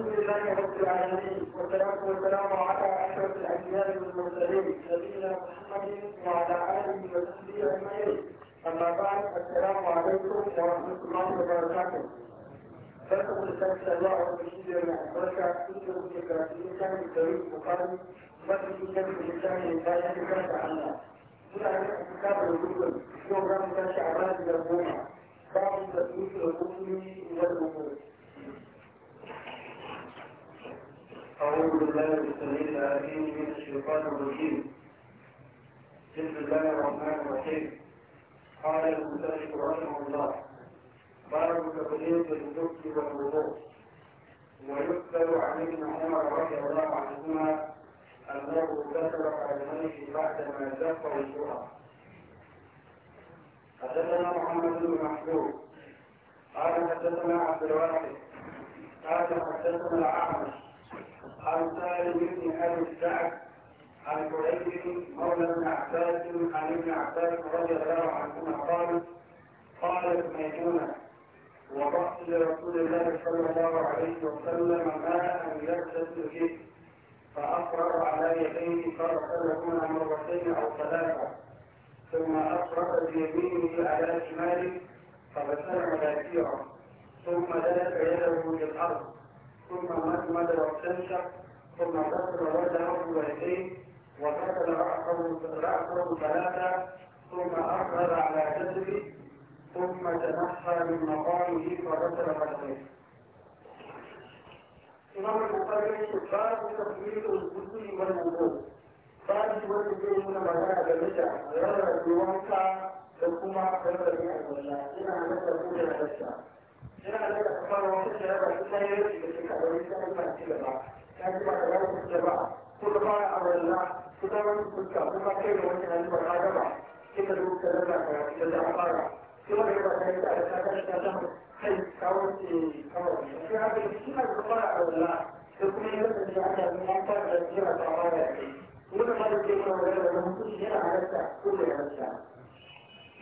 الحمد لله رب العالمين والصلاة والسلام على أشرف الأنبياء والمرسلين نبينا محمد وعلى آله وصحبه أجمعين أما بعد السلام عليكم ورحمة الله وبركاته فاتقوا لسان الله وبشير مع البركة كتبوا في كراسي كان الكريم البخاري وفي كتاب الإسلام لا يتكلم عنها هنا كتاب الوجود يوم كان شعبان يربونا باب تسويق الحكم والأمور أعوذ بالله السميع العليم من الشيطان الرجيم بسم الله الرحمن الرحيم قال المسلم رحمه الله باب تقليد الزكي والوضوء ويكثر عن ابن عمر رضي الله عنهما أنه كثر قدميه بعدما زق وجوهه حدثنا محمد بن محمود قال حدثنا عبد الواحد قال حدثنا الأعمش عن سالم بن ابي السعد عن حليم مولى بن عباس عن ابن عباس رضي الله عنهما قال قالت ميمونه وضعت لرسول الله صلى الله عليه وسلم ماء يغسل به فاقرا على يديه فاغتسلهما مرتين أو ثلاثة ثم اقرا بيمينه على شماله فغسلهما كثيرا ثم دلت يده للأرض ثم مدمد واستنشق ثم غسل وجهه ويديه وغسل راسه ثلاثه ثم اقبل على جسده ثم تنحى من مقامه فغسل قدميه. امام البخاري باب تطبيق الغسل والوضوء. باب يوجد من مكان الرجع غير الوانكا ثم غسل بحق الله. انها نفسها تجد الرجع. yana da da kamar wani da ba su sai yau da shi ka da wani sai ba shi ba ta ji ba da wani da ba ko da fara awalla ko da wani fuska ko ma kai da wani da ba ka da ba sai ka duka da ba ka da da fara ko da ba ka da ta ka ta ta kai kawo ce kawo sai haka shi ka da fara awalla da kuma yau da shi aka yi an fara da jira ta fara da kai ko da ma da ke kawo da wani mutum yana halatta ko da halatta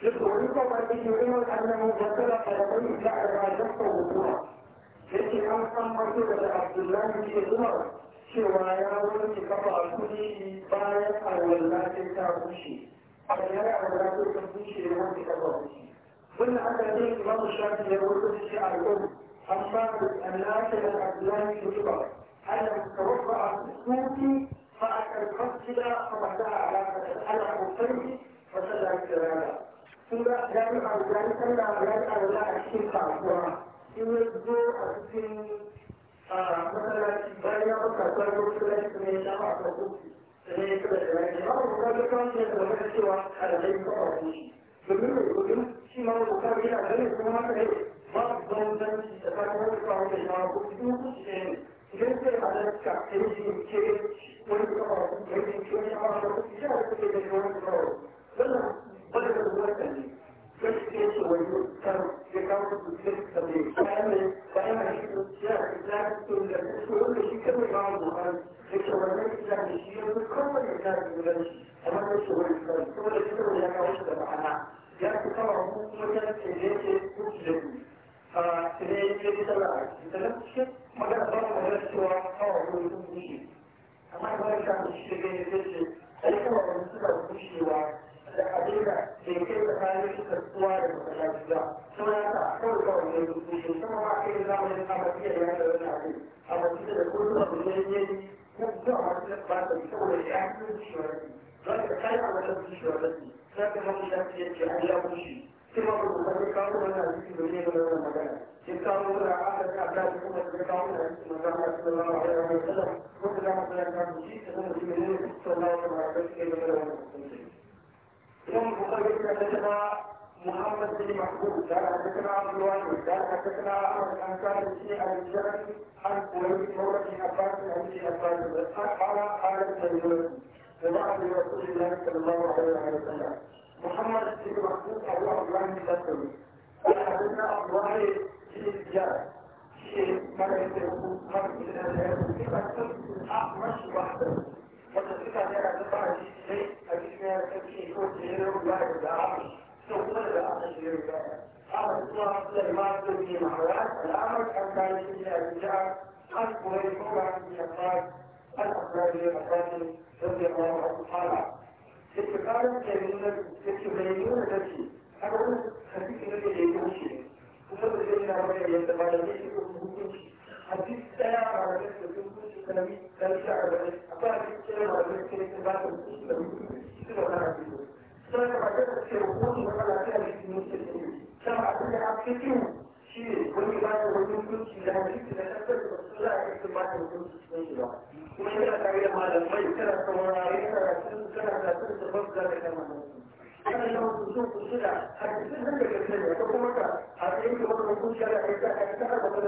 يقولون أن يؤمن أنه ذكر قلبين بعد ما شق وقوعه لكن أن قمت عبد الله بن عمر cewa ya wani kafa kuɗi bayan alwallatin ta bushe a yana alwallatin ta bushe ya wani kafa kuɗi wannan aka ne imamu shafi ya wani shi a yau an ba da annaka da abdullahi bin umar ana tawaffa a sufi fa a karɓar gida fa ba da alaƙa da ala kokari fa sallah kirana sun ga ranar alwani sallah ranar alwani a cikin kasuwa sun ya political weapons. Christians were come to the government system, the family, family was just exactly the school that you could rely on, which were recognized, you were covered in that religion, and others were recognized. tafiya da yana da wani abu a wasu da kuma da yayyayi kan zuwa wasu da ba da saboda ya yi shi wani za ka kai a wata shi wani za ka mafi shafi ya ce an ya mushi sai ma ku ka kawo wani abu da ne da wannan magana sai kawo da aka ka da kuma da kawo da shi magana da Allah ya rahama sallam ko da ma da ka mushi da kuma da ne sallallahu alaihi wa sallam da wannan idan ku ka ga da ta محمد بن محمود قال حدثنا عبد الواحد قال حدثنا عمر بن انصار بن ابي الشرعي عن قريب مولى بن عباس بن ابي عباس قال قال التلميذ وبعد رسول الله صلى الله عليه وسلم محمد بن محمود ابو عبد الله بن مسعود قال حدثنا عبد الواحد بن الجار شيء ما يدركه ما يدركه في مسعود احمد وحده وتصدق على هذا الشيء حديث ما يكفي يكون غيره لا يدعى ma aka Da Thank you. sun da babu da kama ana yi wasu sun kusura a cikin nan da gaske ne ko kuma da ta ake kuma ba ta da ba ta ce ba a ba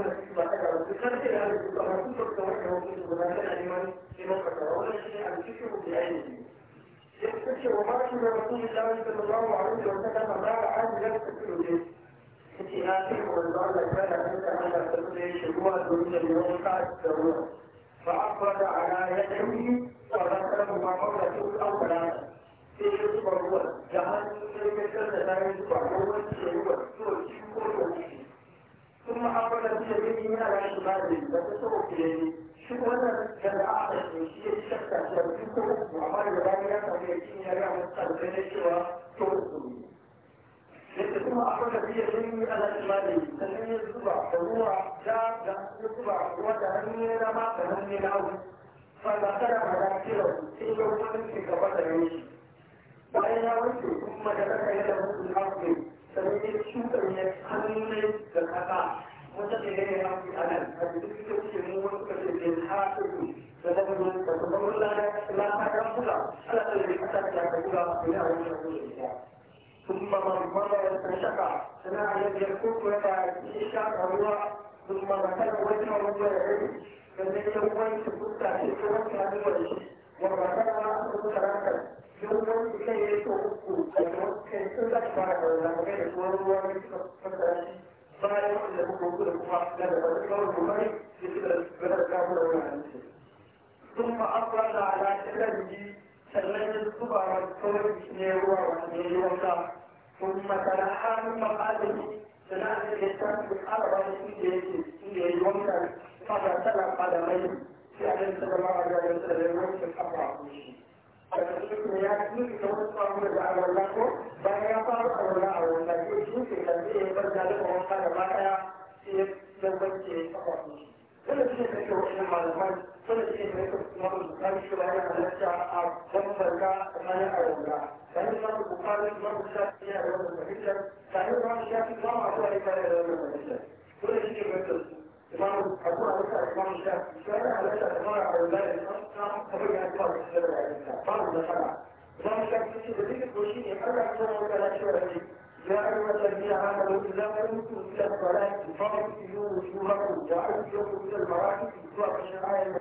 da da da da ruwa فأقبل على يده فذكره مرة أو ثلاثة في الصبر جهنم مثل لا يصبر والشيء ثم أقبل بيمينه على شماله فتسوق إليه شبهة كان أعطش من شيء شكا يرجوكم وعمل ذلك فيكين يرى مستقبل الشواء تركوا yadda kuma akwai tafiya sun yi ana imani sannan ya zuba da ruwa da da ya zuba ruwa da hannu ya rama da hannu ya hau fa da kada da kira sai ya wani ke gaba da yanki bayan ya wuce kuma da kaka ya da mutum hafi sannan ya shuka ya hannu ne da kasa wata da ya yi hafi a nan a duk da wuce mu wani suka ce ne ha kudu da ta gudu da ta gudu ta kan kula ala da ya kasa da ta kula ya wuce a wuce ثم من مضى استنشق سمع الذي يكف يتعشق هو ثم مثل وجهه وجه العلم فالذي يوم تكون تعشق وجهه وجهه ومثل ثلاثا يوم كي يتوقف كي تذكر لما يكون هو من bayan da kuma kuma kuma da da kawai kuma ne ثم تلاحى ثم قال ثلاثة يسان في أربع سنين في اليوم كان فقد سلع قدمين في أهل سبع الله عز وجل يوم في الحفظ الرحمن فقد قلت يا سيدي توسطى من جعل الله لكم بأن يقال أولا أولا يجب أن يكون ذلك وقال ما كان في يوم الدين فقد قلت suna cikin da yake mamu bukari shi bayan halatta a bambanta tsakanin ayyuka sanin mamu bukari mamu shafi yana da wannan fahimtar sanin mamu shafi mamu abuwa ne kare da wannan fahimtar dole shi ke fahimtar su imamu abu a wata imamu shafi shi bayan halatta da mara ayyuka da samun kamar ya zuwa da shi da ayyuka babu nasara imamu shafi shi da zikin ko shi ne allah ya zama wata lafiya da shi يا أيها الذين آمنوا إذا قمتم إلى الصلاة فاغسلوا وجوهكم وأيديكم إلى المرافق وأشعار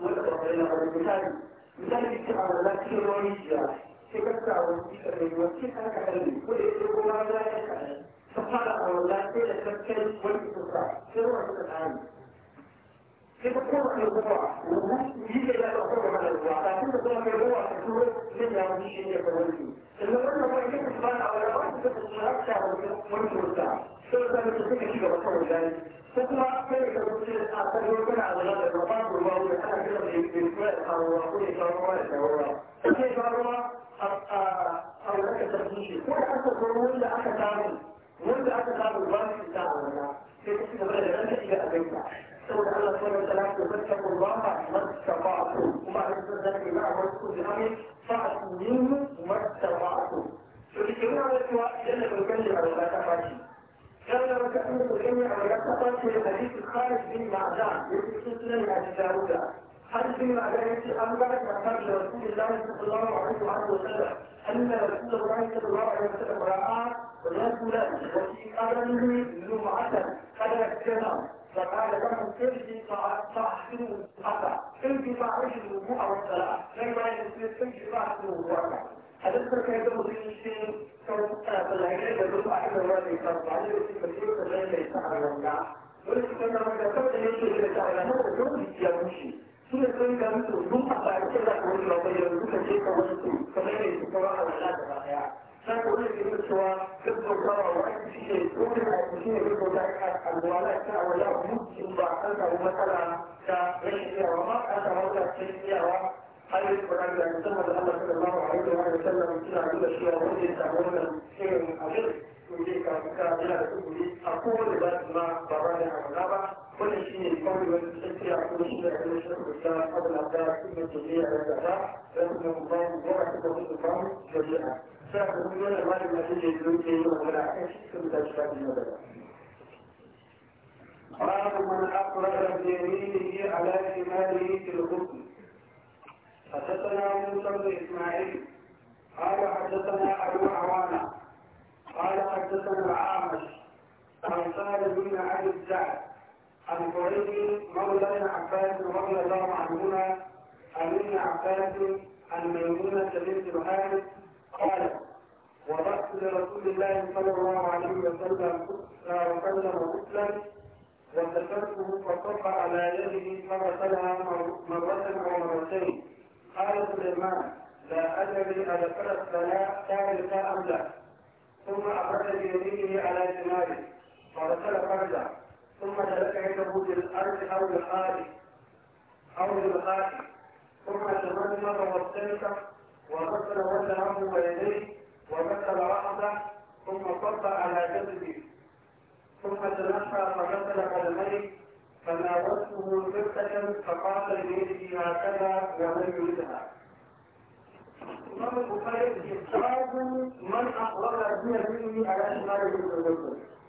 wanda ba kai na ba misali misali ce a lalatin ruwan rijiya sai ka sa wani jika mai ruwa sai ka haka kalli ko da yake goma za ka kaɗan ta fara a da ta wani kusa sai suka كده كل الربوع ويجي لا تقوم على الربوع لكن تقوم على الربوع تقول من يعني شيء يتولي لما قلنا ما يجيب الشمال على الربوع تقول الشمال شعر من مرتاح سوى ذلك تقول كده بطول ذلك فكما كيف تقول أعتبر كنا على هذا الربوع والله أنا كده بالكويت أو أقول شعر ولا كيف أروى أو لك تفكير ولا أنت تقول لا أنت تعمل ولا أنت تعمل بس تعمل كيف تقول لا أنت إذا أبيتها saboda Allah subhanahu wa ta'ala ya fattaku Allah mastata'tu kuma a cikin zaki na amur ku bi amin fa'atu minhu mastata'tu to dike yana da cewa idan da kankan da Allah ta fashi kan da baka an da kankan da Allah ta fashi da hadisi Khalid bin Ma'dan ya fi sunan da Abu Dawud Khalid bin Ma'dan yace an ga da kan da Rasulullah sallallahu alaihi wa sallam أن رسول الله صلى الله عليه وسلم رأى رجلا وفي قدمه لمعة قد كتب فقال لهم ارجع فاحكموا حتى ارجع فاعيشوا الوقوع والصلاة لما يصير ارجع فاحكموا الوقوع هتذكر كيف مدير الشيء كان في الهجرة يقول أحد الوالد يصرف عليه في مسيرة الليلة يستحر الوقوع ولكن كما كتبت يمشي إلى شعر هذا اليوم يمشي سنة كان كانت الجمعة بعد كده يقول لو يقول لك شيء كمان كمان يتكلم على هذا sai ko ne ne cewa duk da cewa wani shi ne ko ne ko shi ne ko da ka alwala ta ta wala mu shi ba kan ta matsala ta rashin cewa ma kan ta wata cikin iyawa hayi ko da ga sunna da Allah sallallahu alaihi wa sallam kina da shi ya wuce ta wannan shirin abin kuje ka ka da kuri a ko da ba ma ba ba da wala ba wannan shi ne kawai wani cikin ya ko shi da shi ko da Allah da kuma jiya da ta dan mun ba mu ba ta ko da ba jiya sai من أقرأ بيمينه على شماله في الغسل حدثنا موسى بن إسماعيل قال حدثنا أبو عوانة قال حدثنا العامش عن سهل بن عبد الزعد عن قريب مولى بن عباس رضي الله عنهما عن ابن عباس عن ميمونة بنت الحارث قال وضعت لرسول الله صلى الله عليه وسلم وسلم غسلا وكسرته فصف على يده فغسلها مرة أو مرتين قال سليمان لا أدري أذكرت لنا كانت أم لا ثم أخرج بيمينه على جماله فغسل فرجه ثم ترك يده للأرض أو للخارج أو للخارج ثم تمنمر واستنشق وغسل وجهه ويديه وغسل رأسه ثم صب على جسده ثم تنحى فغسل قدميه فناولته فرقة فقال لبيته هكذا ولم يردها الإمام البخاري باب من أقرب بيده على شماله في الغسل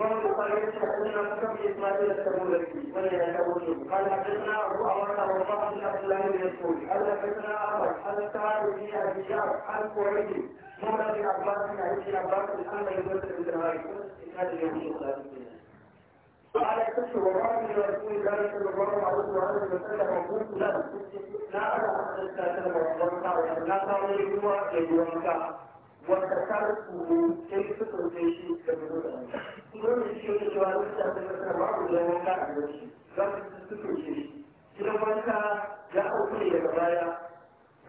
ومن قريب تكون كم اسماعيل التبولكي ولا يتبولكي قال حدثنا ابو عوانه وقال بن عبد الله بن مسعود قال حدثنا احمد قال السعد بن ابي جعفر عن قريب مولى بن عباس بن عبد عباس الحمد لله بن الهاري هذا اليوم قال كشف وراء رسول الله صلى الله عليه وسلم وقلت له لا انا حدثت كلمه الله تعالى لا تعالى هو يدومك wanda sarrafa ne sai su ɗauke shi da gudu Kuma wanda. Kuma shi yake cewa duk da ta kasar babu da ka a gare shi za su su ɗauke shi. Gidan wanka ya ɗauke ne daga baya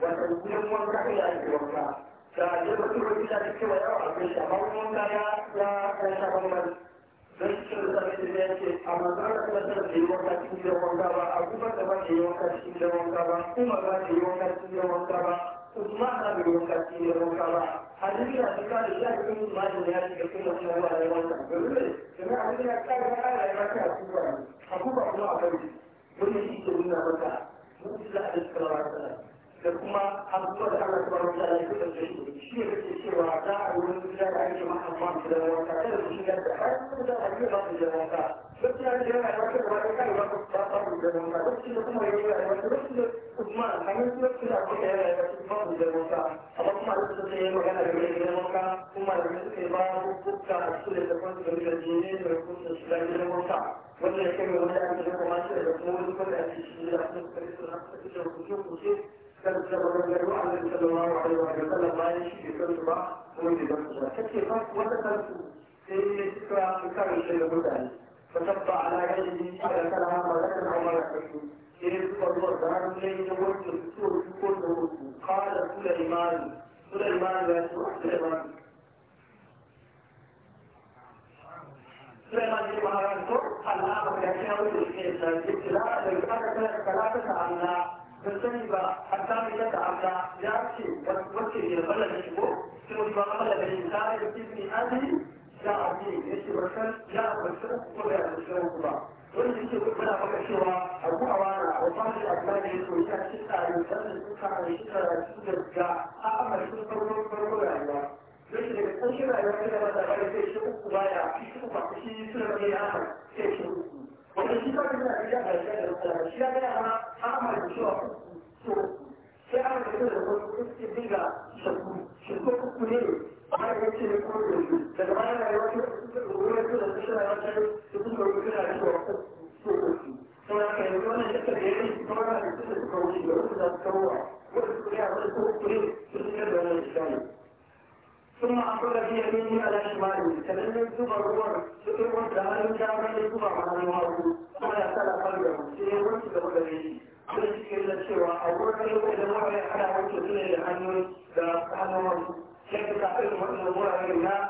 wanda gidan wanka ya ake wanka. Da yadda su rufe ta da cewa yawa a gare shi amma wani wanka ya ya ya sha bambam. Don shi da sarrafa da ya ce a manzan kuma sarrafa da yi wanka cikin gidan wanka ba a kuma da ba da yi wanka cikin gidan wanka ba kuma ba da yi wanka cikin gidan wanka ba. kuma a gudun kasi ne rauta da su kare a cikin majin ya shiga cikin da kuma yawa da yawan da gurbe kuma a cikin ya kare ya kare ya kare a kuka a kuka kuma a kare wani shi ke nuna maka mutu da a cikin rawa ta da kuma abubuwa da aka ta barauta ya shi ne kake cewa za a yi gida da ake maka amma su da wanka kada su shiga da har su da ake ba su da wanka Ba da ake yana da wata kai ba su ba su da wanka lokacin da kuma yake yana wata lokacin da kuma hanyar lokacin da ake yana yana ba su da wanka amma kuma da su sai magana da gidan wanka kuma da su sai ba su kuka su da kwan su da jini da kuma su shiga gidan wanka wanda ya kai wanda ake da kuma shi da kuma wani kwanda ake shi da kuma su da kuma su da kuma su sallallahu alaihi wa sallam bayan shi bai san su ba kuma bai san su ba kace fa wanda san su sai ya cika karin shi da mutane فتبع على يده على كلام ملكا او ملكته إذ فضل ذهب إليه وجه السور كله قال سليمان سليمان يا سليمان سليمان بن مهران قال الآن يحيى وجه الشيخ لا لا ثلاثة عنا فالسني بقى حتى بجد عبدا يأتي وكي يبلغ نشبه ثم يبقى ملغ الإنسان يبتبني أدري جاء الدين يشي برسل جاء برسل ba برسل الله wanda yake kuma maka cewa abu a wana a fadi a kuma ne to ya ci tsari sannan su ka ne shi tsara su da ga a amma su farko farko ba shi daga ƙarshen rayuwa sai da ba da shi uku baya shi uku ba shi suna ne ya sai shi uku wanda shi ba da shi da shi da mutane shi ya ga ana ana da shi to sai ana da da wasu suke dinga shakku shakku kuku ne ba ya ce ne ko da shi daga baya na yawa da wani da shi da wani da shi da wani da shi da wani to haka yanzu wannan shakka da ya yi kuma na da shi da suka wuce da wasu da suka ruwa wasu kuma ya wani ko kuku ne su suka da wani shi ثم أخذ بيمينه على شماله فلم يكتب الروح تكتب دهان دهان يكتب على الموضوع ولا سال قلبه سيرون تدخل به فلسك إلا الشروع أولا إذا نوعي على وجه إلى العنون فأنا مرسل كيف تعلم أن الله إله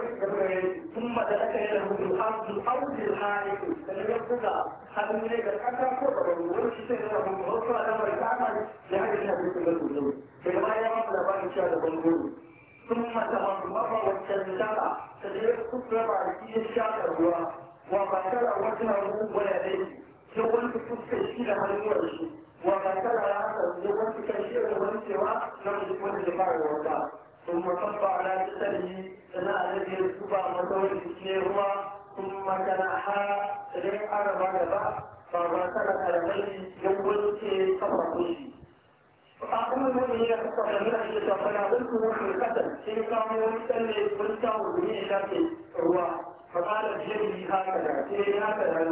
ثم دلك له بالأرض أو بالحارث فلم يبقى هل من يجب حتى كبر ويمشي سيره ويوصل لما يتعمل لهذه النبي صلى الله عليه وسلم فلما يرى لما إن شاء الله ثم تغمر والتزلع فليس كبر عليه الشاعر وقتل وجهه ويديه يوم تكون تشكيلها الوجه وقتل رأسه يوم تكشيره وانسوا نرجو الجماعة والدار ثم صب على جسده سنا الذي يسبع مدور الشيخ ثم جناحا ريحا غلبا فغسل قدميه يقول في صفحه فأقوم المؤمنين فقد من أجل فناولته في القتل إن كانوا يسلي فلسه إلى في فقال بيده هكذا هكذا هكذا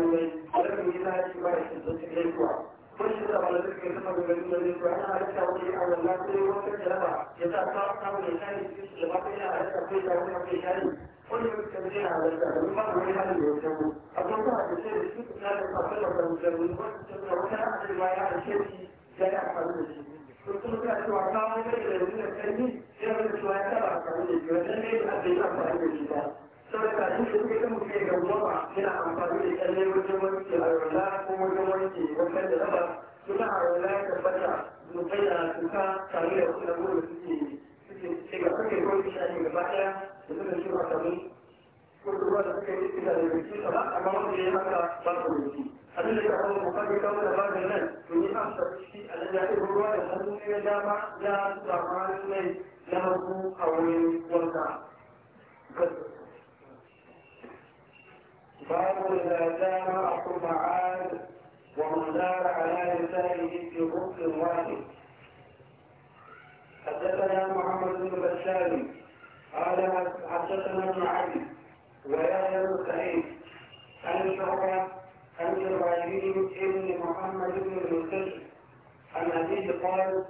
لم يزال في مرة كل على ذلك كما بين الذين وأنا على التوحيد أو لا تري وكذا يتأثر قبل الإنسان لبقينا على التوحيد أو ما في شيء كل متكلمين على ذلك ما هو هذا الوجود أتوقع الشيء الشيء لا يستقل بالوجود وتتوقع على ما يعني شيء لا يحصل به كنت أتوا عقاب الذين كانوا يعملوا شوية تبع كانوا يجوا لأن هذا يحصل بالجبال sarka shi duk da muke gaggama yana amfani da kyalle wajen wanke arola ko wajen wanke wajen da raba suna arola ya tabbata mutai da tuka tare da wasu lamurin suke suke shiga kake kawai shi ne gaba ɗaya da suka shi ba kamar ko ruwa da suka yi suka da yanki ba amma wanda ya haka ba su yanki abin da ya kawo bukari kawo da bagan nan to ni an sarki alhaji ruwa da hannu ya dama ya samu hannun mai na hagu a wani wanka قالوا إذا جاء معه معاذ ومن دار على لسانه في غسل واحد حدثنا محمد بن بشار قال حدثنا ابن علي ويحيى بن سعيد عن شعبة عن إبراهيم ابن محمد بن المنتج عن أبيه قال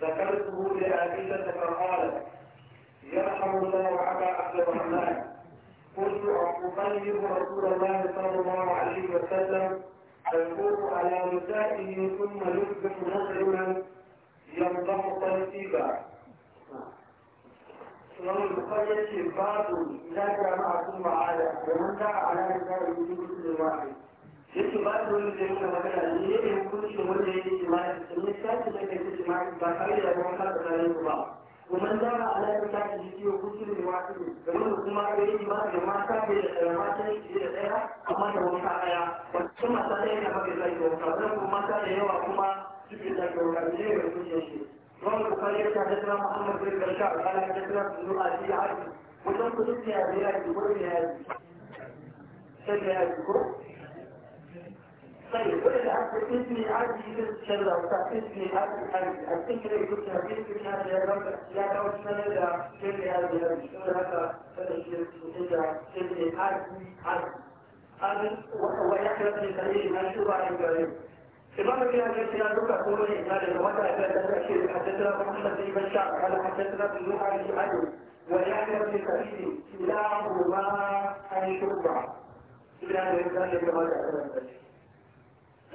ذكرته لعائشة فقالت يرحم الله أبا عبد الرحمن كنت أبلغ رسول الله صلى الله عليه وسلم يقول على نسائه ثم يصبح مسلما يمضح ترتيبا ومن البخاري في باب لا جمع ثم على ومن دعا على نسائه بمثل واحد يكون هناك da wani zai kuma magana ne yake hukunci wanda ya yi jima'i da sun yi sati da kai jima'i ba tare da wani kasa tare ba kuma da ba a lafi ta yi jiyo kusa da ma su kuma a yi ba da ma ta bai da tsaye ma ta yi da tsaye mata da kuma yawa kuma suke da kawai da yi da kusa ta tsara muhammadu da karshe a kala ta tsara su a ji da yi a yi da yi da yi da yi da yi da yi da yi da yi da yi da yi da yi da yi da yi da da yi da yi da yi da yi da yi da yi da yi da yi da طيب وإذا أثبتني عندي الشر أو تثبتني الفكرة كنت أثبتني هذه الرمزة لا توصل إلى كل هذه الشهرة فتشير إلى كل عدي عدي ويحرص لدليل مشروع عن قريب إمام في هذه الخلال لك قولون إجمال الوضع إلى تذكر حدثنا محمد بن بشار قال حدثنا بن نوح بن عدو ويحرص لدليل كلاهما عن شبع إلى أن يزال الوضع إلى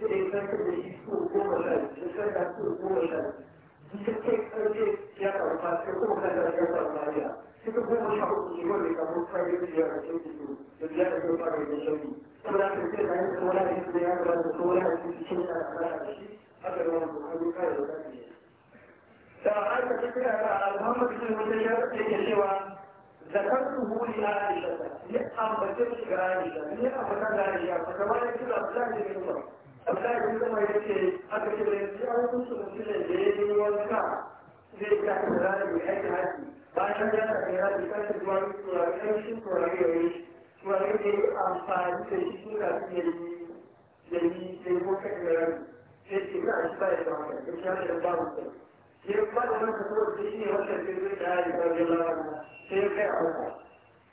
sai ya san da shi so goma ka mutu kare wani ذكرته لعائشة عائشة عائشة فكما يكتب Allah ya kuma ya ce aka ce bai an kusa mutumin da ya yi wanka zai ta ta rana mai aiki haji bayan ya ta ta rana ta ta zuwa yi turare shi turare ya yi turare da ya amfani da shi suna ya yi da yi da yi ko kai sai ce ka shi da wani ya shi da ba mutum ya ba da wani kasuwar da shi ne wata da yi da ya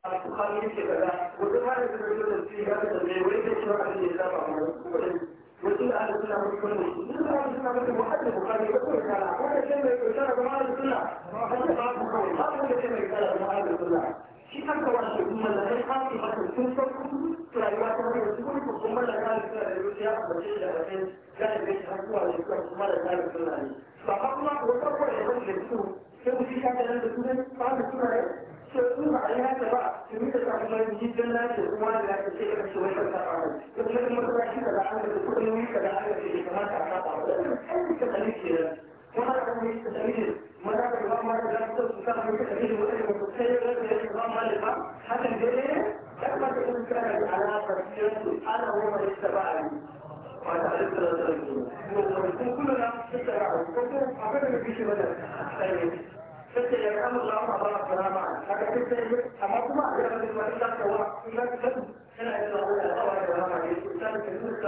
bukari ya ce kaza wata kare da zai zai zai ya da mai wani da cewa abin da ya zaba mu wasu da ala suna mutu kan mutu duk da ala suna mutu muhaddin bukari ya kawai kala wanda ce mai kyautar da kuma ala suna wanda ba su kawai ba wanda ce mai kyautar da kuma ala suna shi kan kawai shi kuma da kai kafi masa sun san rayuwa ta hanyar su kuma kuma da kare suna da zuciya a bace da bace ya da kai har zuwa da kuma kuma da kare suna ba kuma wata kawai da kan da su sai ku shi ka da su ne ba su suna تقوم عليها تبع تريد تعمل جدا لا تقوم لا تشيء بس ولا تعمل تقول ما تروح كذا عمل تقول لي كذا عمل كذا ما تعمل أنت تخليك كذا ما تعمل كذا ما تعمل ما تعمل تستخدم كذا ولا تتخيل ولا ما لها حتى جاي لما تكون كان على فرسيته أنا هو من استبعني وتعرف كلنا نستبعد كلنا حبينا نجيش بدل ستة يعني أنا أنا إلا أقول أبغى أتكلم عنه الإنسان كنوز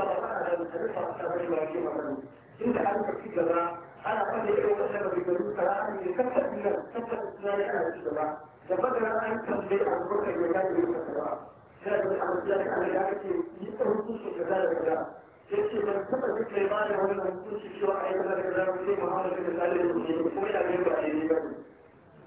لا إنت حالك في جبرة أنا قد يجب أن أشهد بجلوس فلا أني كفت من كفت إسلامي أنا في جبرة لقد أنا أنتم بي عن بركة جبرة جبرة جبرة لازم أعرف ذلك عن الأكل يتهم كل كذلك جبرة يكفي من كل ذكر مالي ومن كل شيء وعيد هذا كذلك في محاولة كذلك وإلى غير بعيد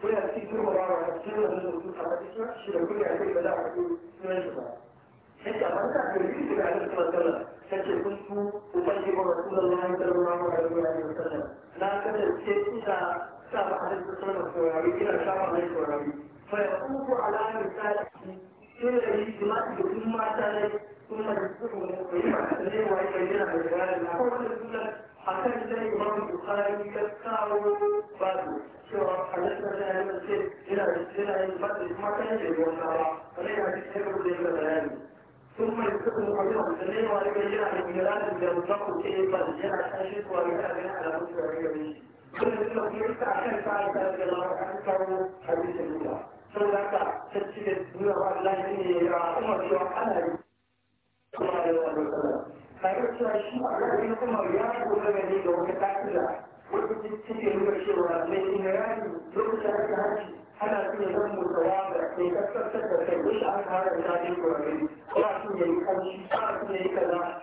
kuna da cikin girma ba wa cikin da a cikin shi da kuma yake za a fito sunan shi ba sai ban da rubuta da alƙur'ani kun sallallahu alaihi na sa ba a cikin sunan sa ba fa ya ku ala sai da yi jima'i da kuma mata ne kuma da su ne ko yi ba da ne wai da na ko akan sai imam bukari ka kawo babu cewa halittar da ya mace yana da yana yin babu matan da yawan kawa wani yana yani sun mai kudin ne wa daga yana da miranin da za ku ce ba da yana tashi kuwa ga yana ganin alamun da ya gaba shi da kuma kuma ta akan ta aika da lawa an kawo tare da shi a ƙarƙashin kuma ya kula da ne da wata ƙa'ida wadda take nuna cewa mai imirani lokacin aka ana iya ya zama mutawaga mai kaskantar da kai wasu aka haramta ne ko a gani ba su ya yi ƙarfi ba su ya kaza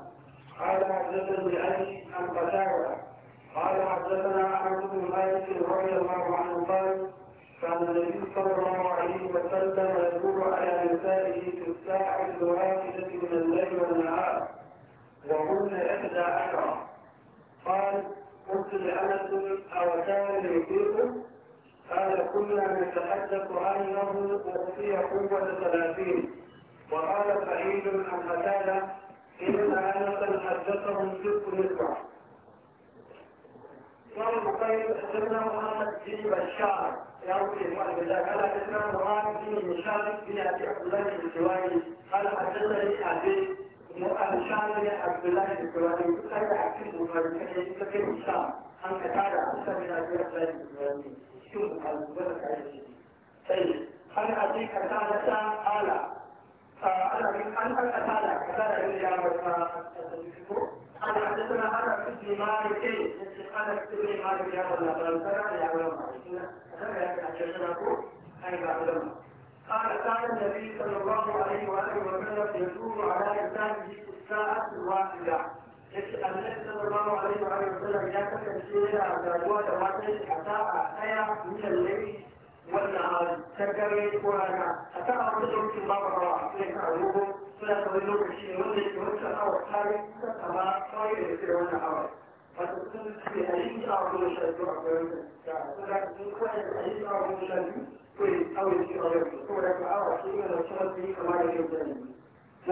قال حدثني ابي عن قتاده قال حدثنا احمد بن مالك رضي الله عنه قال كان النبي صلى الله عليه وسلم يدور على نسائه في الساعه الواحده من الليل والنهار وهن احدى عشره قال قلت لانس او كان يطيقه قال كنا نتحدث عنه وأعطي قوة ثلاثين وقال سعيد عن قتادة إنما أنا قد حدثهم صدق يسوع قال بقيل سيدنا محمد بن بشار يروي واحد الله قال سيدنا محمد بن بشار بن أبي عبد الله بن الجواني قال حدثني أبي مؤمشان بن عبد الله بن الجواني قال أكيد مفرد كان هشام عن قتادة عيسى بن أبي عبد الله بن الجواني شوف البركة طيب عن أبي قتادة قال أنا أتعالى أتعالى إلى أنا حدثنا أنا في مالك أنا في مالك يا ولا بلغنا يا ولا أنا يا أجلنا أي بعلم قال كان النبي صلى الله عليه وآله وسلم يدور على إنسانه في الساعة الواحدة النبي صلى الله عليه وآله وسلم يكتب سيرة على الأبواب واتش حتى أحيا من الليل wannan karkare ko a kan abin da lokacin babu rawa a cikin agogo suna kawai lokaci ne wanda ke wancan awa tare suka kama kawai da ke wannan awa su sun ce a yi awa a sha biyu a kawai wannan da sun ga sun kawai a yi awa goma sha biyu ko yi awa yi a yau saboda ka awa ce yana wasu wasu yi kamar da yau da ne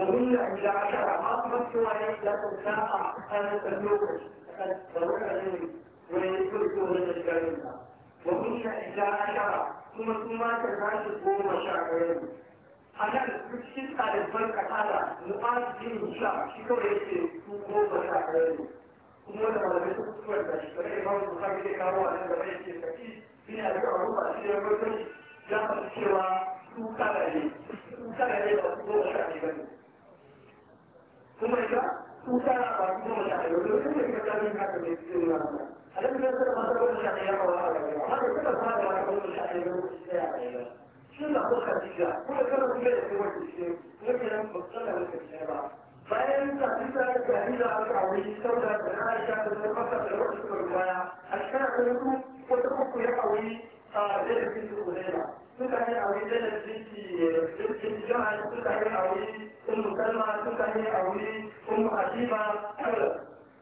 domin da ila ashara amma kuma cewa ya yi da kan sa'a a kan lokaci da wani ne wani ya yi kuma wani da shiga wa kuma ita ta kuma kuma ta tashi goma sha a nan siska da barka tara mu ba su yi sha shi kawai yake su goma sha ɗaya kuma da wanda ya kuma kuma da shi ɗaya ba mu sami a nan da bai ke tafi ina da kawo ba shi ya bai kai ya cewa su kala ne su kala ne ba su goma sha ɗaya ba kuma ita su kala ba su goma sha ɗaya ba su kuma ita ta yi haka ne su yi wani ألم يصل مطلوب الشقيقة والعقيدة هذا كله هذا مطلوب الشقيقة والعقيدة شو نقول خديجة كل كلمة كبيرة في وجه الشيء لكن مقتنع بالكتابة فإن تحديثها التهديد على العويل سوداء بنائشة بالمقصة في الوجه الرواية أشكال منكم وتحق يقوي غير بنت خزيمة تنتهي العويل بنت بنت جمعة تنتهي العويل أم سلمى تنتهي العويل أم حكيمة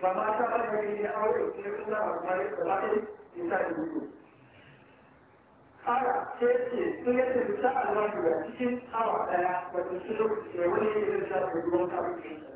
ba ma ta ba ne ne aure ne kuma ba ma ne ba ne isa ne ne ara ce ce sun yadda bisa alwaju da cikin awa daya wata su lokaci da wani ne da sa da ruwan kafin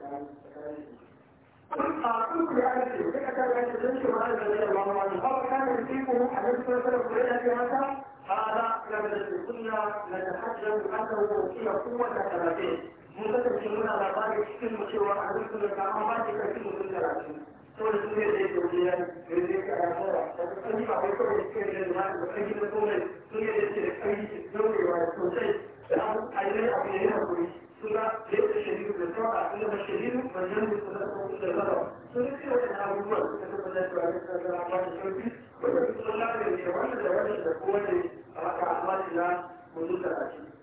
أقول بأنفسي لك أن تنشر هذا الذي الله عنه قال كان يصيبه حديث مثلا قرية في هذا هذا لم نكن كنا نتحجب أنه توفي قوة ثلاثين mun kasance muna labarin cikin mu cewa a duk da kama ba ta karfi mutum karatu saboda su ne da ya doge ya da ya karatu da ta kanji ba kai kawai cikin da ya da kanji da komai su ne da ya ce da kanji daurewa sosai da an ayyar abu ne na kuri su ga da da ta ba su da shahidu wajen da su da su da zaba su ne ce wata abubuwan da ta kuma ta da ta ba da sauki wanda su sun lafiya da wannan da wannan da kowane a haka amma da na mutum karatu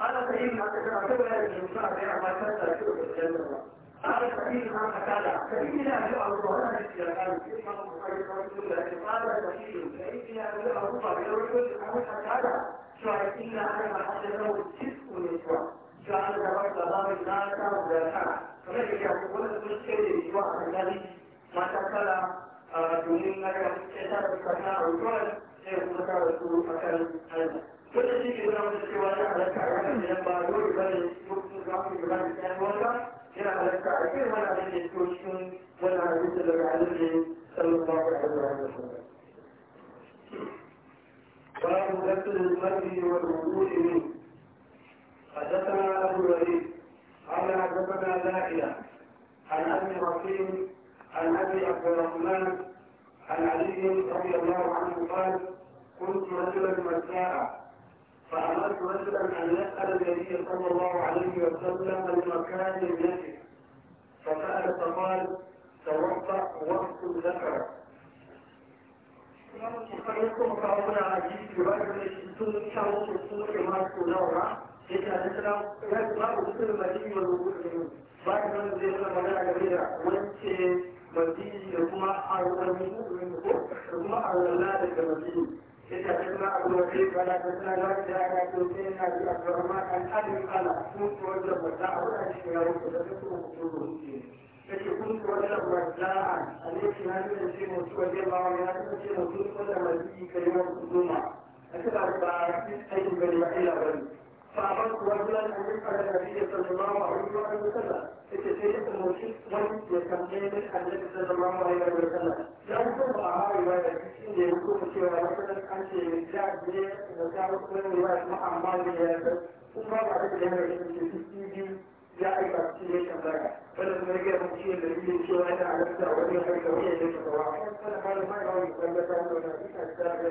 hada ta yin haka kana ta bayar da musu a bayar ba ta da kuma da jannar ba hada yin haka ta yi ina da abu ba wannan da ke da kanu sai ma ku fara da shi da ta yi ina da abu ba da wani kuma da kuma ta kada cewa ina ana ba ta da wani cikin ne cewa cewa ana da wani da da na ta da ta kuma da ke kuma da da shi ba a gani ma ta kala domin na ga ta ta ta ta ta ta ta ta ta ta ta ta ta ta ta ta wannan shi ke nuna wata cewa ya halatta a yakan gidan ba dole ba ne lokacin za ku yi gudanar da ƴan wata yana halatta a cikin wani abin da ya fito kan ba ku cikin madini wa rukun ba ka nan zai zama magana game da wance madini da kuma arwani ko da kuma arwala daga madini إذا كنا أبو وكيل فلا تسنى لك لا تسنى لأبو الرحمن أن أدري أنا كنت وجب وداع ولا شيء وتذكر مقصود إذا كنت وجب وداعا أليس هذا الشيء مقصود وجب ومن هذا الشيء مقصود ولا مزيد كلمة قدومة أكبر بارك أي كلمة إلى بني sahabat wajilan umum pada Nabi Sallallahu Alaihi Wasallam. Itu saya termasuk wajib yang kami ini ada di Sallallahu Alaihi Wasallam. Yang itu bahawa ibadat ini dia untuk mencari orang yang kami tidak dia mencari orang yang mahamal dia itu. Umar ada di dalam ini jadi tinggi dia ibadat dia sendiri. Kalau mereka mencari lebih dari itu ada ada orang yang mereka mencari itu. Kalau mereka mencari orang yang mencari itu ada.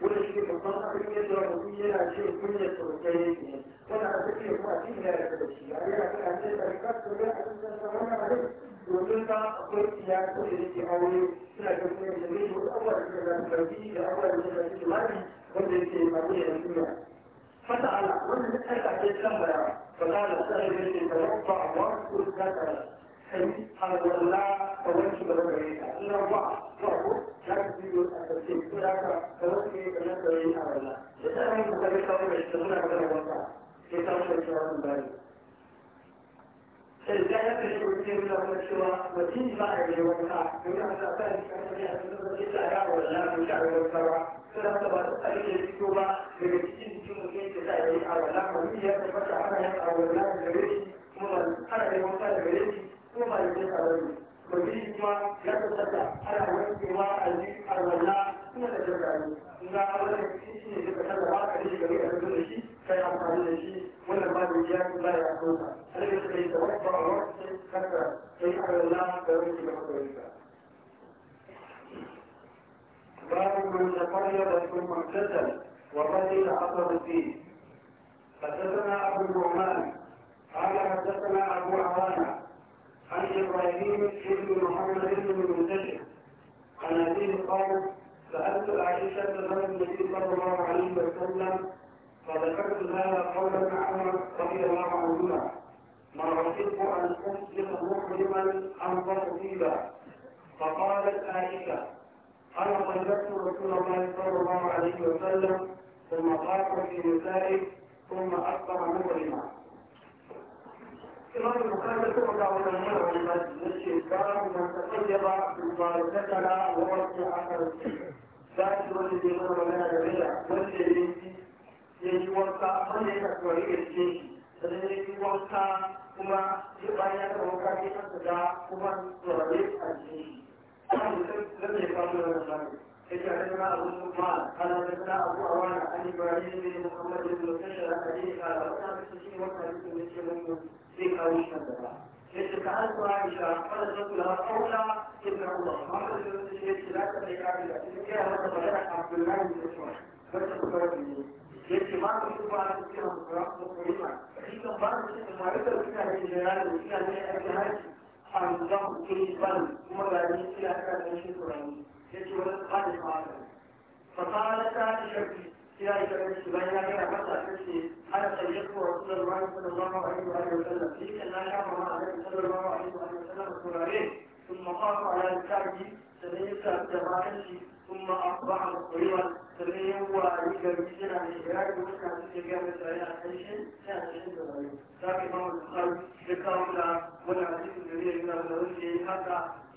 wanda shi babban abin yadda mutum yana ce kunya sosai yake wanda a take kuma a cikin yara da shi a yana kai a ce da ka tsoro a cikin samun na rai domin ba akwai iya da yake aure suna da kuma da ne wasu abuwa da suka zafi karfi da abuwa da suka zafi wani wanda yake mamu ya duniya fata ala wanda ta aika ce tambaya fa kana sai da yake da rabba wa ko da alwala da da ya ta ina ba ko za a ko za ka da wasu ne da yi alwala da ta yi kuka da shi ya da a yi wata domin a sa kan a cikin da yi ba yi sai ma yi ka bari bari kuma ya ta saka ana wankewa a ji arwalla suna da jirga ne in ga wannan shi shi ne daga kan ba ka yi gari a cikin shi kai amfani da shi wannan ba da ya ba ya kauta alai da kai da wata ba wa sai kanka sai arwalla da wanke da ka باب من تقرب ثم اغتسل والرجل اثر فيه حدثنا ابو النعمان قال حدثنا ابو عوانه عن إبراهيم بن محمد بن المنتشر عن أبيه قال سألت عائشة عن النبي صلى الله عليه وسلم فذكرت لها قولا عمر رضي الله عنهما ما رأيت أن أصبح محرما أم تصيبا فقالت عائشة أنا صدقت رسول الله صلى الله عليه وسلم ثم قام في نسائه ثم أكثر محرما imam bukari ko ga wannan ne wannan da yake ga mun ta tsaye ba ku ba ta kala wa wasu akar da shi wani da yake wani da yake wani da yake yi wanka wani da ka yi shi sai ne yi wanka kuma shi bayan da wanka ke ta da kuma to da yake a shi kan da da ne ba mu da wannan kake da kana abu kuma kana da kana abu a wannan an yi bayani ne Muhammad bin Sallallahu Alaihi Wasallam da shi wanka da shi ne ke mun gudu zai kawo shi gaba sai su ka an tsara shi a kula sai ka kula su su shi da su da ne ma ka su ba su kira su kira su kuma shi kan ba su shi ma da su kira ne da shi haji kuma ga ni shi da shi wani ba da ma ta shi في ذلك الذي بين لنا حتى تكفي على سيدك ورسول الله صلى الله عليه وآله وسلم فيه أن شعب مع النبي صلى الله عليه وآله وسلم القرآن ثم خاف على لسانه سميت جماعتي ثم أصبح مصيرا سمي وعليك بسنة الإشراك وكان في جميع مسائل الحيشن كان يشد الغيب لكن إمام البخاري ذكرنا والعزيز الذي يقول له حتى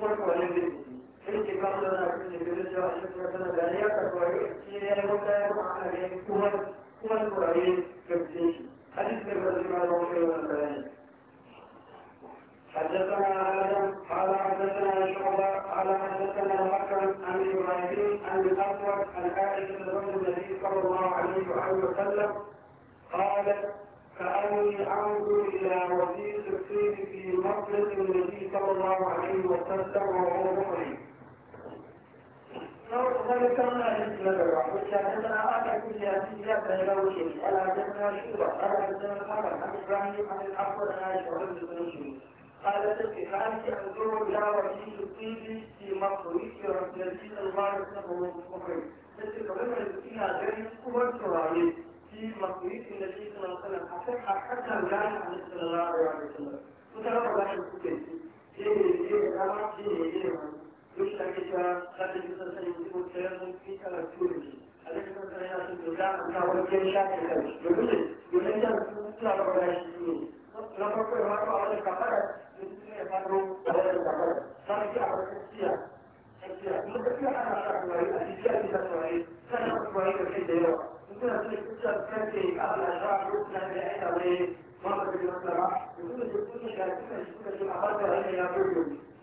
farko ne da shi kan da na cikin gidan da shi kan da da ya ka koyi shi ne ya mutu ya kuma ana ne kuma kuma koyi da shi hadisi da bazai ma da wani wannan bayani حدثنا آدم قال حدثنا شعبة قال حدثنا مكرم عن إبراهيم عن الأسود عن عائشة زوج النبي صلى الله عليه وآله وسلم قالت فأني أنظر إلى وزير الصين في مجلس النبي صلى الله عليه وسلم وهو مخرج ذكرنا بسم الله وشاهدنا على كل هذه بين وجهه جبنا شورى ألا جبنا الحرم عن إبراهيم عن الأفضل عائشة رضي الله قال تلك فأنت أنظر إلى وجهه في مصر في رسول الله صلى الله عليه وسلم تلك فبما يكفيها في مقويت النبي صلى الله عليه وسلم أصبح حتى الآن عن صلى الله عليه وسلم وترى بعض الكتب في في الأمر في اليوم يشتكي شخص يتصل يجيب التلفون في تلفونه أليس مثلا يأتي الدكان أنت ولكن شاكل يقول لي يقول لي أنت لا تقول لي شيء لا تقول ما تقول على الكفارة يقول لي ما تقول على الكفارة صار في أحد الشيء الشيء متفق على شرط الله الشيء اللي تسويه كان يقول لي كذا suna ce suka kace abu na sha'a ko suna da aika wani wanda bai masa da suka ce kun shiga suka shi suka ce da ya da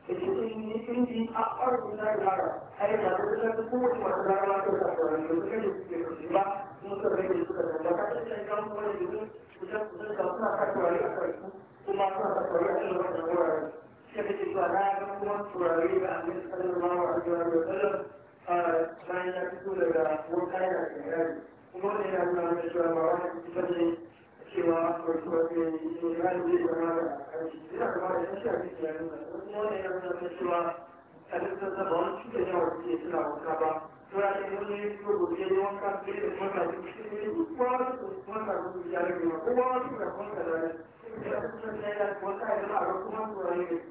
shi ne in ji a ƙarfin na yara ai da su suka ce ta da wani da suka ce suke kuma wani yana nuna cewa a da wani cikin yawa su ke suna ba to ya ce wani ya fito wanka da kuma shi ne duk kuma wani su kuma kuma wani su ka kuma ka dare ya a kuma wani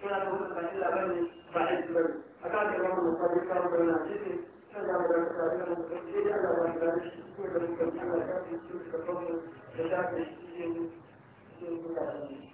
shi a wani ya kama da a cikin wani da wani da wani da wani da wani da wani da wani da wani da wani da wani da wani da wani da wani da wani da wani da wani da wani da wani da wani wani wani wani wani wani wani wani wani wani wani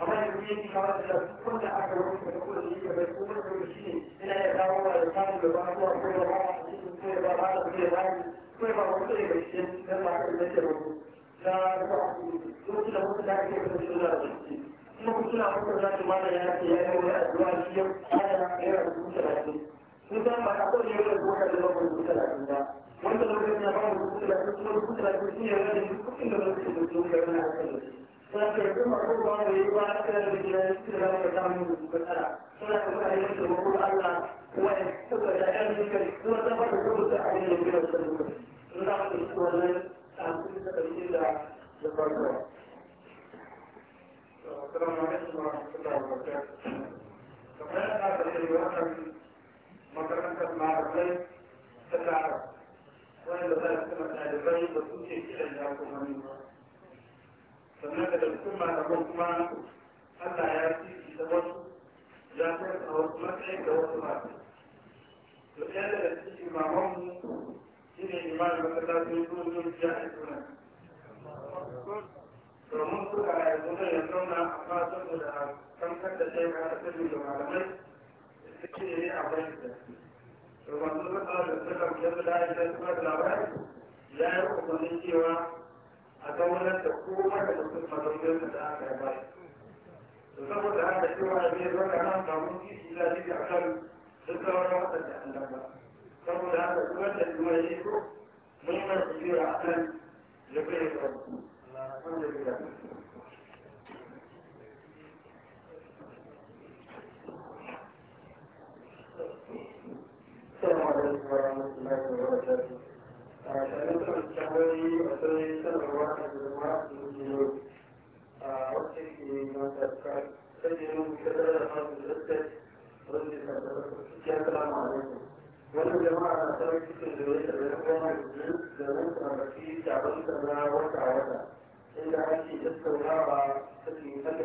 amma yanzu yake kamata da kun da aka wani da kuma da bai kuma shi ne da ba ba ba ba ka da kuma kun da ma yi wanda lokacin da da ba ko da فترجم الله ويبارك بالله سبحانه وتعالى بالألع فلا أفعل يسر وقول الله ويستبدأ أمرك وتبقى تبقى عليه من السلوك نعم السؤال عن كل سبيل الله السلام عليكم ورحمة الله وبركاته. فقال هذا اليوم مكانة مع البيت تتعرف. وإلا ذلك كما تعرفين وتوجه إلى الله منه. sannan daga cikin malaman kuma Allah ya fi da wasu ya fi a wasu matsayin da wasu masu to ɗaya da cikin imamanmu shi ne imamin masallacin zuwa ya a suna domin suka a yanzu ya zauna amma saboda kankan da ɗaya ka tafi da malamai da suke yi a bayyana to masu zama da suka biyar da ya zama da labari ya yi umarni cewa a zaunar da kowa da mutum mazaunin da aka yi bashi da saboda haka cewa ne zaka nan samun kishi da shi a kan duk sauran waɗanda Allah ba saboda haka duk wanda duwa yi ko mun ma shi a kan ya bai da alhamdulillah السلام عليكم ورحمة الله وبركاته wani jama'a na sarar cikin da ya da ya gama da wata inda ta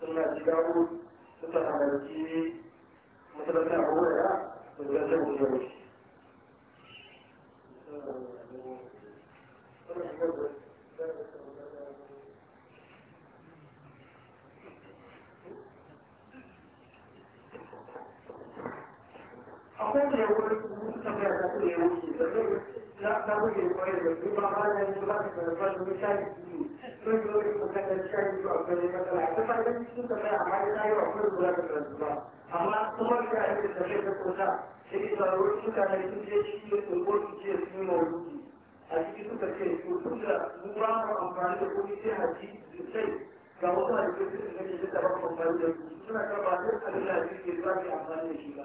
suna jigawo suka halarci masarautar abubuwa da zartar gudunar shi akwai da yawon rukunin suka fiye da su da yawon shi da zai amma ga wasu halittu da suka ce ta bakon bayan da suna da ba zai kalli lafi ke zafi amfani da shi ba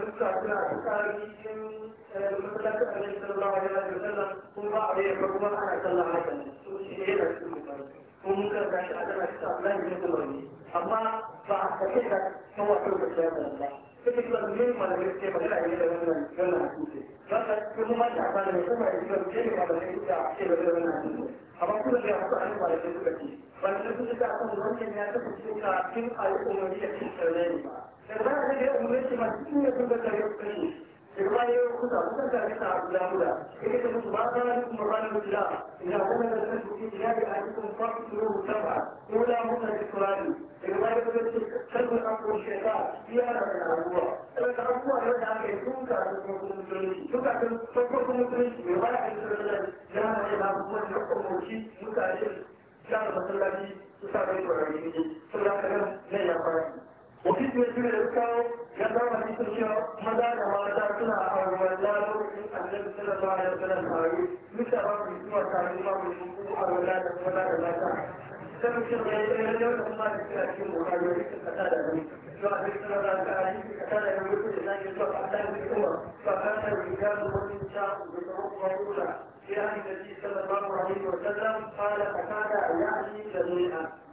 fuska suna tsari cikin masallacin annabi sallallahu alaihi ba a bayyana kuma ana sallah haka ne to shi ne a amma ba a sake da kan wato ba suka yi wani malamai suke magana a yi da wannan wannan hukunci don ka kuma ma da ba mai kuma da shi wani jini ba da shi da ake da wannan hukunci amma kuma da wasu an ba da shi suka ce ba da shi suka ce a kan ka ya kasance cikin al'ummari da cikin sarari ba za a rage yau mai ma cikin ya kuka tare ta da da ba kuma ina kuma da ya ga a cikin fafi su ruhu sama ko da muka da kurani da kuma yau kuka yau yi da kuma musulunci da ya da ya fara وفي سلسلة الكون يدعو في تلك مدار وارداتنا أو ولا لوحي النبي صلى الله عليه وسلم مثل ربي سوى تعليمه أو ولا ولا ولا كم شيء غير اليوم ما يستحكم ولا يريد القتال به يعرف صلى الله عليه وسلم قتال يملك الإنسان يطلق حتى في عهد النبي صلى الله عليه وسلم قال فكان يعني جميعا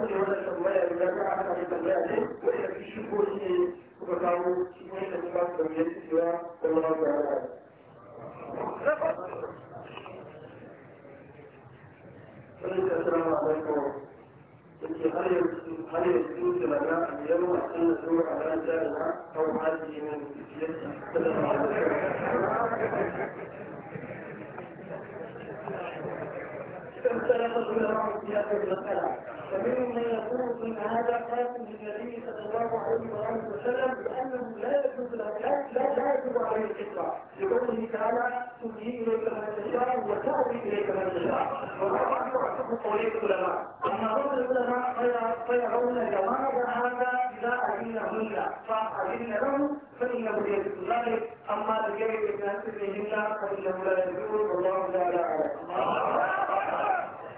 كل هذا التضوية يراجع على التضوية وإذا في شكوه شيء وكتابه شكوه تنبات بمجلس سواء والله تعالى السلام عليكم هل يجوز لنا اليوم أن نزور على جائزة أو هذه من كم سنة تقول لهم في هذه المسألة؟ فمنهم من يقول ان هذا قاسم للنبي صلى الله عليه وسلم لانه لا يجوز لا لا يجب عليه القطع لقوله تعالى تهدي اليك من تشاء وتهدي اليك من تشاء والله يعتبر قوليه العلماء اما قول العلماء فيرون جواز هذا اذا اذنهن فاذن له فانه يجوز ذلك اما بغير الناس منهن فانه لا يجوز والله تعالى اعلم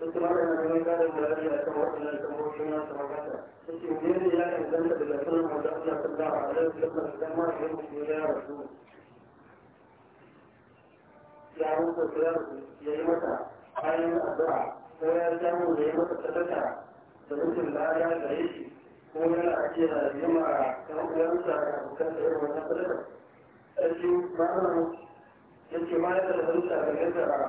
Sesungguhnya mereka yang berada di atas dan kemungkinan semangatnya. Sesungguhnya yang dan kebebasan hendaknya sedang ada dalam agama yang mulia Rasul. Yang sesuai yang mata, ayat ada, saya yang yang mata terbaca, sebutin lada dari Kemudian akhirnya dia marah, kamu yang saya bukan saya mana terbaca. Jadi mana? Jadi mana terbaca bagaimana?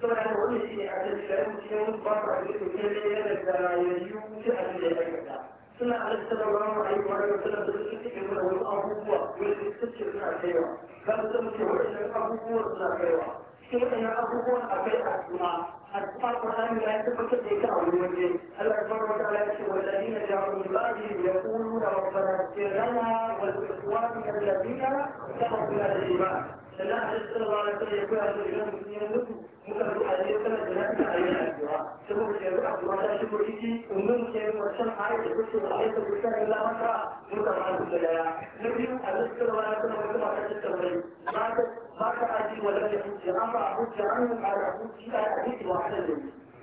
saboda haka wannan shi ne adalci wani babu da cikin kuke yana da yayyu ta abin da ya aikata suna alisalawar ma'ayi wa daga suna da su suke nuna wani abubuwa wani suke suna kaiwa za su san da waɗannan abubuwan suna ta cikin waɗannan abubuwan akwai addu'a addu'a Qur'ani ya tabbatar da ita a wani waje Allah subhanahu wa ta'ala ya ce wa ladina ja'u min ba'di yaquluna rabbana ighfir lana wa li ikhwanina alladhina sabaquna sannan a cikin sarrafa na sarrafa koya da idan mutum ya mutu muka zo da na fita a yin addu'a saboda yanzu addu'a ta shigo wancan da da muka ma da daya na biyu a cikin sarrafa na sarrafa kuma ta cikin sarrafa ta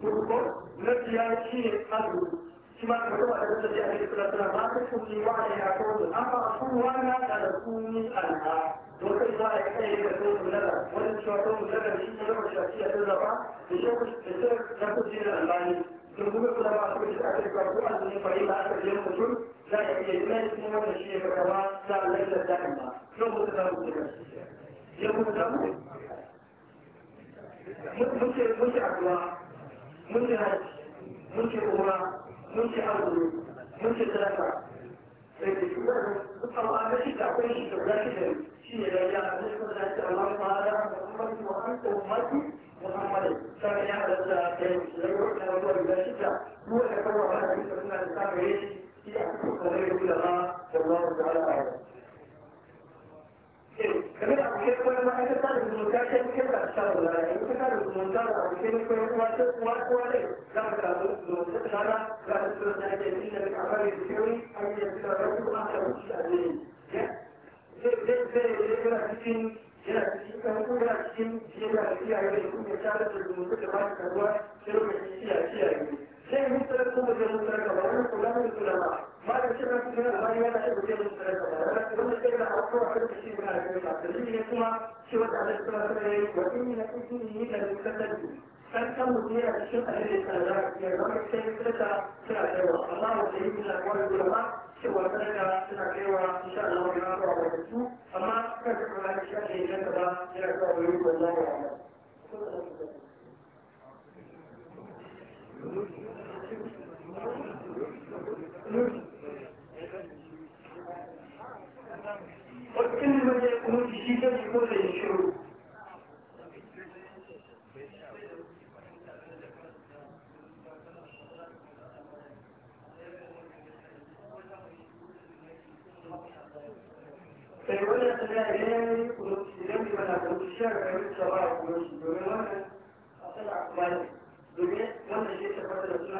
ko na biya shi ne azumi shi ma a cikin lafiya ma ta kuni wa a kawai amma su da alha za a yi kai da mulala wani mulala shi ne da a zaba da shi ku da shi na ku ji da don kuma kula ba su aka mutum za a iya yi shi ne ka kama za a da don da ya kuma mun ci hajji mun ci umra mun ci azumi mun na shi da akwai shi da shi ne ya haɗu shi kuma da Allah ta'ala da ummati wa anta game da ma'aikata ta da zumunta ta ta ake yi a a ne zai zai zai yana cikin yana cikin kan kuma yana cikin ta ta sai mutane kuma da mutane ka da mutane kuma ba ba da shi ba ko da da shi ko da mutane ka bari wannan sai da hawo ko da shi ba a cikin alheri ka da ya ga mai sai ka ta ta da wa amma wa amma kan Wakil da ya kuma ta da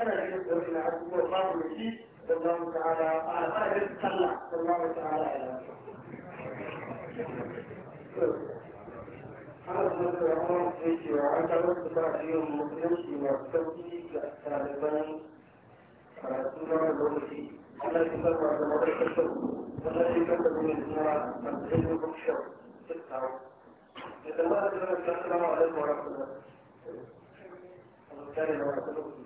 أنا أجلس إلى عبد الله قام به والله تعالى أعلم أنا أن صلى والله تعالى أعلم أنا أقول أن أن أن أن أن أقول أقول أقول أقول أقول لهم في وعند وقت تأثير مسلم في مكتبي كأساليبان رسول الله الذي أن بمدرسة الشر والذي كتب من أقول العلم بالشر في التعب إذا ما أدرك السلام عليكم ورحمة الله وبركاته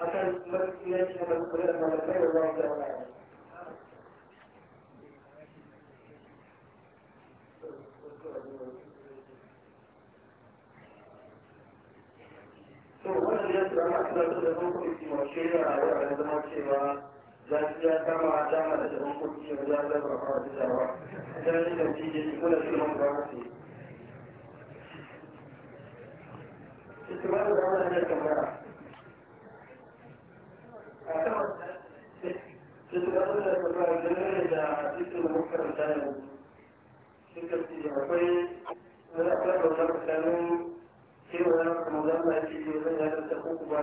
akan mafi da malakai da zai da wani to wannan ya tura ma suna da a yau da zama cewa za su ya kama dama da zama a wajen da ba. Idan ne kuma akwai wani akwai bautar tsakanin cewa na kuma zama ya ce zai ya ta uku ba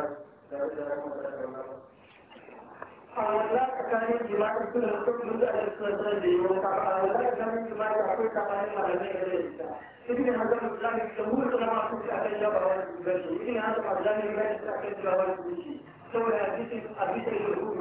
da da na kuma da ba a wannan tsakanin jima'i suna da kuma da da suna da yi. yiwuwa ka a wannan tsakanin jima'i akwai tsakanin malamai da zai ta ibi ne hanzar islamic da mu da ma su a kan jabawa da shi ibi ne hanzar islamic da su a kan jabawa da shi saboda hadisin hadisin da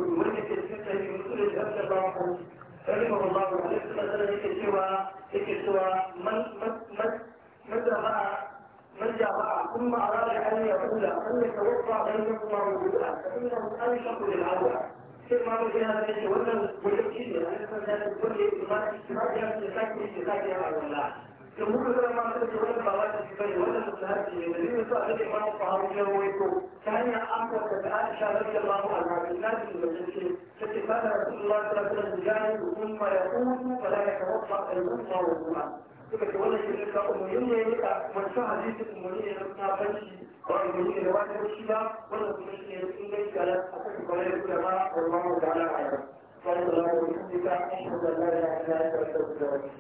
تسمعوا في هذا الشيء ولا ويكيد يعني لأنكم لا تقولي ما تستطيع أن تفكر في ذاتها ولا جمهور العلماء تقول البواد الكبير ولا تسمعت الذين سألوا الإمام الطهاوي ويقول كان أمر كتاب شهادة الله على الناس المجلسين فاتفاد رسول الله صلى الله عليه وسلم ثم يقول فلا يتوقع المنصر والظلام suka ce wannan shi ne ka umarni ne ya ka wancan hadisi umarni ne na kafanci ba umarni ne na wata shi ba wannan kuma shi ne inganci ala a kan kwanar da ba a ruwan da ana a yau. Wani da lafiya da kuma ta da lafiya da ya ka da